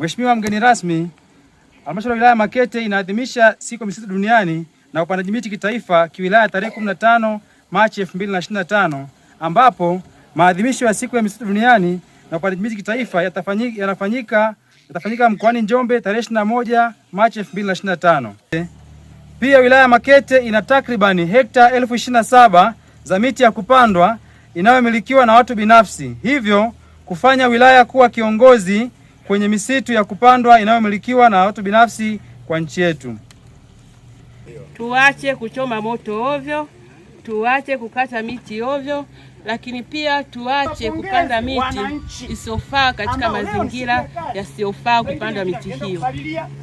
Mheshimiwa mgeni rasmi, Halmashauri ya Wilaya Makete inaadhimisha siku ya misitu duniani na upandaji miti kitaifa kiwilaya tarehe 15 Machi 2025 ambapo maadhimisho ya siku ya misitu duniani na upandaji miti kitaifa yatafanyika, yanafanyika, yatafanyika mkoani Njombe tarehe 21 Machi 2025. Pia wilaya Makete ina takribani hekta elfu za miti ya kupandwa inayomilikiwa na watu binafsi, hivyo kufanya wilaya kuwa kiongozi kwenye misitu ya kupandwa inayomilikiwa na watu binafsi kwa nchi yetu. Tuache kuchoma moto ovyo, tuache kukata miti ovyo, lakini pia tuache kupanda miti isiyofaa katika mazingira yasiyofaa kupanda miti hiyo.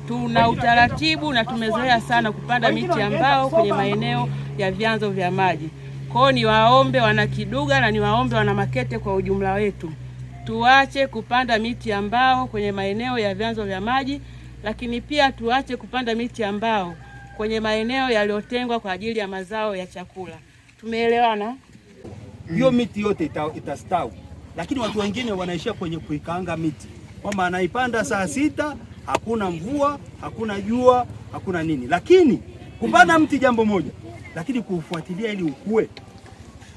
Tuna utaratibu na tumezoea sana kupanda miti ambao kwenye maeneo ya vyanzo vya maji. Kwa hiyo niwaombe wana Kiduga na niwaombe wana Makete kwa ujumla wetu tuache kupanda miti ya mbao kwenye maeneo ya vyanzo vya maji, lakini pia tuache kupanda miti ya mbao kwenye maeneo yaliyotengwa kwa ajili ya mazao ya chakula. Tumeelewana? Hiyo mm. miti yote ita, itastawi, lakini watu wengine wanaishia kwenye kuikaanga miti kwamba anaipanda saa sita, hakuna mvua, hakuna jua, hakuna nini. Lakini kupanda mti jambo moja, lakini kuufuatilia ili ukue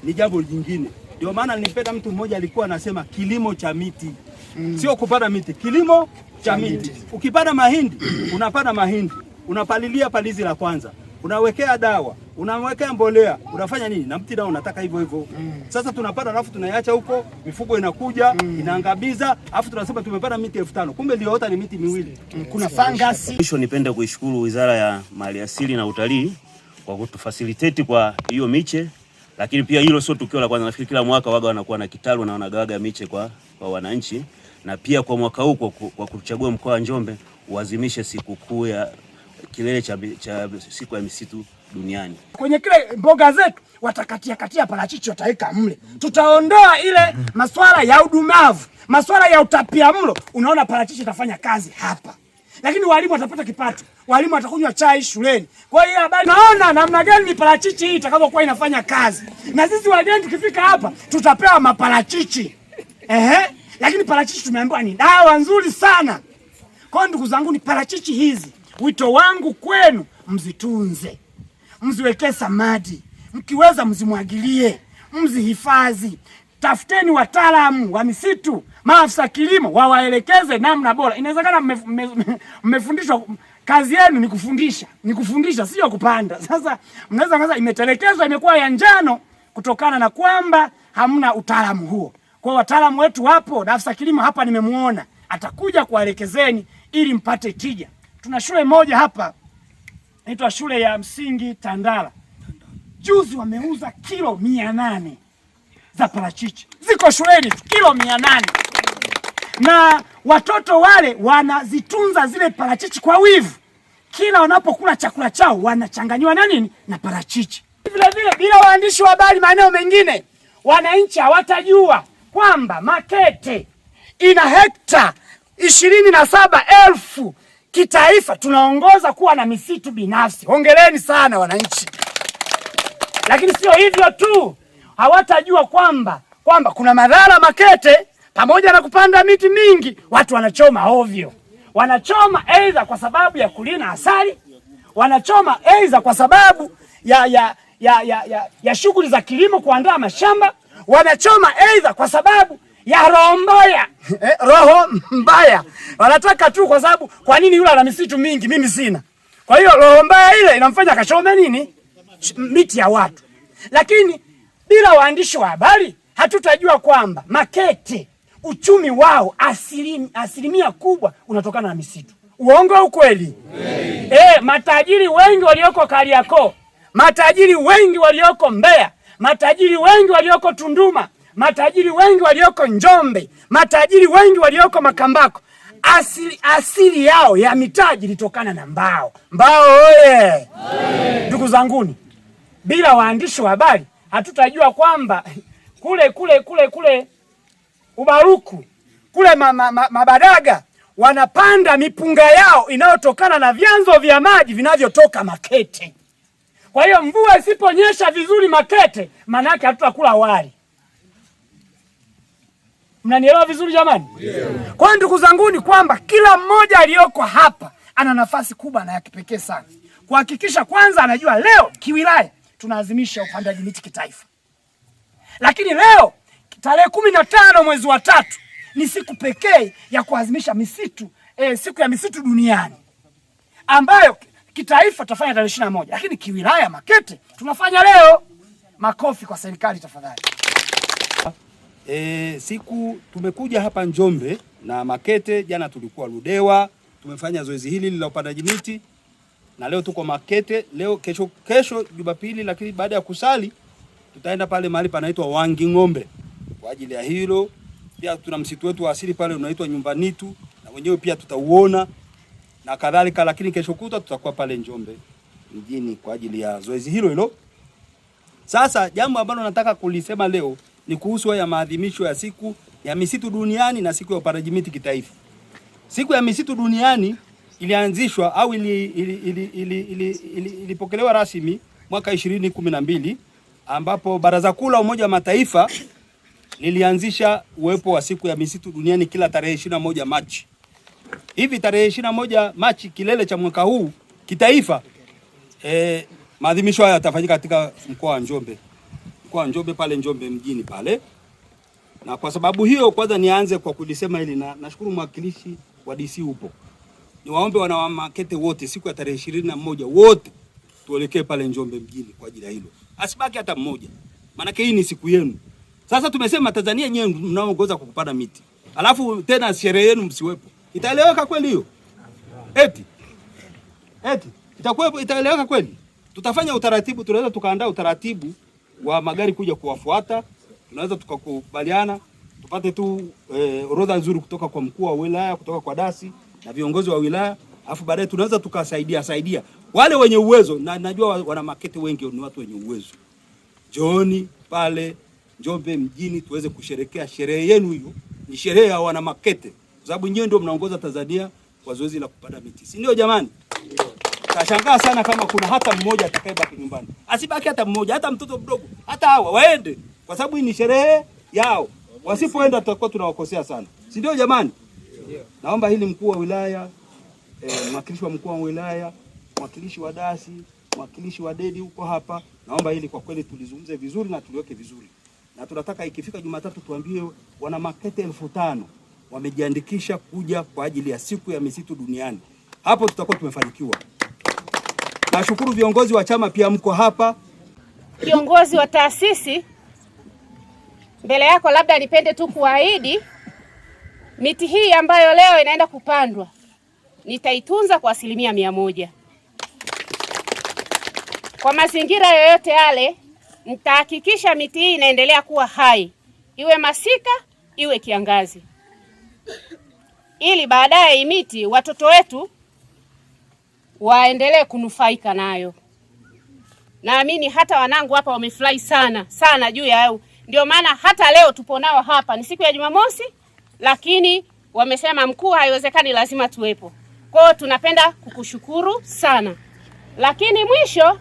ni jambo jingine. Ndio maana nilipenda mtu mmoja alikuwa anasema kilimo cha miti mm. sio kupanda miti, kilimo cha miti. Ukipanda mahindi unapanda mahindi, unapalilia palizi la kwanza, unawekea dawa, unawekea mbolea, unafanya nini na mti nao unataka hivyo hivyo mm. Sasa tunapanda alafu tunaiacha huko, mifugo inakuja mm. inaangabiza, alafu tunasema tumepanda miti elfu tano kumbe iliyoota ni miti miwili mm. kuna fangasi. Mwisho nipende kuishukuru Wizara ya Maliasili na Utalii kwa kutufasilitate kwa hiyo miche lakini pia hilo sio tukio la kwanza, nafikiri kila mwaka waga wanakuwa na kitalu na wanagawaga miche kwa, kwa wananchi na pia kwa mwaka huu kwa, kwa kuchagua mkoa wa Njombe uazimishe sikukuu ya kilele cha, cha siku ya misitu duniani. Kwenye kile mboga zetu watakatia katia parachichi wataweka mle, tutaondoa ile masuala ya udumavu, masuala ya utapia mlo. Unaona parachichi itafanya kazi hapa, lakini walimu watapata kipato walimu watakunywa chai shuleni. Kwa hiyo habari, naona namna gani miparachichi hii itakavyokuwa inafanya kazi, na sisi wageni tukifika hapa tutapewa maparachichi ehe. Lakini parachichi tumeambiwa ni dawa nzuri sana. Kwa ndugu zangu, ni parachichi hizi, wito wangu kwenu mzitunze, mziwekee samadi, mkiweza mzimwagilie, mzihifadhi. Tafuteni wataalamu wa misitu, maafisa kilimo, wawaelekeze namna bora. Inawezekana mmefundishwa kazi yenu ni kufundisha, ni kufundisha, sio kupanda. Sasa mnaweza kaza imetelekezwa imekuwa ya njano kutokana na kwamba hamna utaalamu huo. Kwa wataalamu wetu wapo na afisa kilimo hapa nimemuona, atakuja kuwaelekezeni ili mpate tija. Tuna shule moja hapa inaitwa shule ya msingi Tandala, juzi wameuza kilo mia nane za parachichi, ziko shuleni kilo mia nane na watoto wale wanazitunza zile parachichi kwa wivu kila wanapokula chakula chao wanachanganyiwa na nini na parachichi. vile bila waandishi wa habari maeneo mengine, wananchi hawatajua kwamba Makete ina hekta ishirini na saba elfu kitaifa tunaongoza kuwa na misitu binafsi. Hongereni sana wananchi. Lakini sio hivyo tu, hawatajua kwamba kwamba kuna madhara Makete, pamoja na kupanda miti mingi, watu wanachoma ovyo wanachoma aidha kwa sababu ya kulina asali, wanachoma aidha kwa sababu ya, ya, ya, ya, ya, ya shughuli za kilimo, kuandaa mashamba, wanachoma aidha kwa sababu ya roho mbaya eh, roho mbaya wanataka tu, kwa sababu kwa nini yule ana misitu mingi mimi sina? Kwa hiyo roho mbaya ile inamfanya akachome nini miti ya watu. Lakini bila waandishi wa habari hatutajua kwamba Makete uchumi wao asilim, asilimia kubwa unatokana na misitu. Uongo ukweli? E, eh, matajiri wengi walioko Kariakoo, matajiri wengi walioko Mbeya, matajiri wengi walioko Tunduma, matajiri wengi walioko Njombe, matajiri wengi walioko Makambako Asili, asili yao ya mitaji ilitokana na mbao. Mbao oye! Ndugu zanguni, bila waandishi wa habari hatutajua kwamba kule kule kule kule Ubaruku kule Mabadaga ma, ma, wanapanda mipunga yao inayotokana na vyanzo vya maji vinavyotoka Makete. Kwa hiyo mvua isiponyesha vizuri Makete, manake hatutakula wali. Mnanielewa vizuri jamani? Yeah. Kwa ndugu zanguni, kwamba kila mmoja aliyoko hapa ana nafasi kubwa na ya kipekee sana kuhakikisha kwanza anajua leo kiwilaya tunaazimisha upandaji miti kitaifa, lakini leo Tarehe kumi na tano mwezi wa tatu ni siku pekee ya kuadhimisha misitu e, siku ya misitu duniani ambayo kitaifa tutafanya tarehe ishirini na moja lakini kiwilaya Makete tunafanya leo. Makofi kwa serikali tafadhali. E, siku tumekuja hapa Njombe na Makete, jana tulikuwa Ludewa, tumefanya zoezi hili la upandaji miti na leo tuko Makete, leo kesho, kesho Jumapili, lakini baada ya kusali tutaenda pale mahali panaitwa Wanging'ombe kwa ajili ya hilo. Pia tuna msitu wetu wa asili pale unaitwa Nyumbanitu na wenyewe pia tutauona na kadhalika, lakini kesho kuta tutakuwa pale Njombe mjini kwa ajili ya zoezi hilo hilo. Sasa jambo ambalo nataka kulisema leo ni kuhusu ya maadhimisho ya siku ya misitu duniani na siku ya upandaji miti kitaifa. Siku ya misitu duniani ilianzishwa au ilipokelewa ili, ili, ili, ili, ili, ili rasmi mwaka 2012 ambapo Baraza Kuu la Umoja wa Mataifa nilianzisha uwepo wa siku ya misitu duniani kila tarehe 21 Machi. Hivi tarehe 21 Machi, kilele cha mwaka huu kitaifa, eh, maadhimisho haya yatafanyika katika mkoa wa Njombe, mkoa wa Njombe pale Njombe mjini pale. Na kwa sababu hiyo, kwanza nianze kwa kulisema hili, na nashukuru mwakilishi wa DC upo. Niwaombe wana Makete wote siku ya tarehe 21 wote tuelekee pale Njombe mjini kwa ajili ya hilo, asibaki hata mmoja, maanake hii ni siku yenu. Sasa tumesema Tanzania nyewe mnaongoza kwa kupanda miti, alafu tena sherehe yenu msiwepo. Itaeleweka kweli hiyo? Eti eti itakuwa itaeleweka kweli? Tutafanya utaratibu, tunaweza tukaandaa utaratibu wa magari kuja kuwafuata, tunaweza tukakubaliana tupate tu eh, orodha nzuri kutoka kwa mkuu wa wilaya, kutoka kwa dasi na viongozi wa wilaya, alafu baadaye tunaweza tukasaidia saidia wale wenye uwezo, na najua wana maketi wengi ni watu wenye uwezo, joni pale Njombe mjini tuweze kusherekea sherehe yenu. Hiyo ni sherehe ya wana Makete, kwa sababu nyewe ndio mnaongoza Tanzania kwa zoezi la kupanda miti, si ndio? Jamani, tashangaa sana kama kuna hata mmoja atakayebaki nyumbani. Asibaki hata mmoja, hata mtoto mdogo, hata hawa waende, kwa sababu hii ni sherehe yao. Wasipoenda tutakuwa tunawakosea sana, si ndio? Jamani, naomba hili mkuu wa wilaya eh, mwakilishi wa mkuu wa wilaya, mwakilishi wa dasi, mwakilishi wa dedi huko hapa, naomba hili kwa kweli tulizungumze vizuri na tuliweke vizuri na tunataka ikifika Jumatatu tuambie wana Makete elfu tano wamejiandikisha kuja kwa ajili ya siku ya misitu duniani. Hapo tutakuwa tumefanikiwa. Nashukuru viongozi wa chama pia mko hapa, viongozi wa taasisi mbele yako. Labda nipende tu kuahidi miti hii ambayo leo inaenda kupandwa nitaitunza kwa asilimia mia moja kwa mazingira yoyote yale mtahakikisha miti hii inaendelea kuwa hai, iwe masika iwe kiangazi, ili baadaye hii miti watoto wetu waendelee kunufaika nayo. Naamini hata wanangu hapa wamefurahi sana sana juu ya ndio maana hata leo tupo nao hapa, ni siku ya Jumamosi, lakini wamesema mkuu, haiwezekani, lazima tuwepo. Kwa hiyo tunapenda kukushukuru sana, lakini mwisho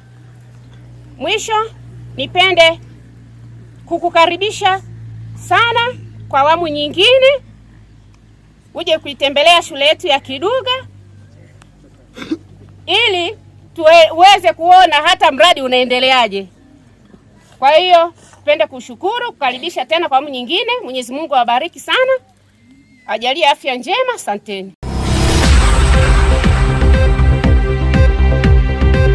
mwisho nipende kukukaribisha sana kwa awamu nyingine uje kuitembelea shule yetu ya Kiduga ili tuweze kuona hata mradi unaendeleaje. Kwa hiyo pende kushukuru kukaribisha tena kwa awamu nyingine. Mwenyezi Mungu awabariki sana, ajalie afya njema. Asanteni.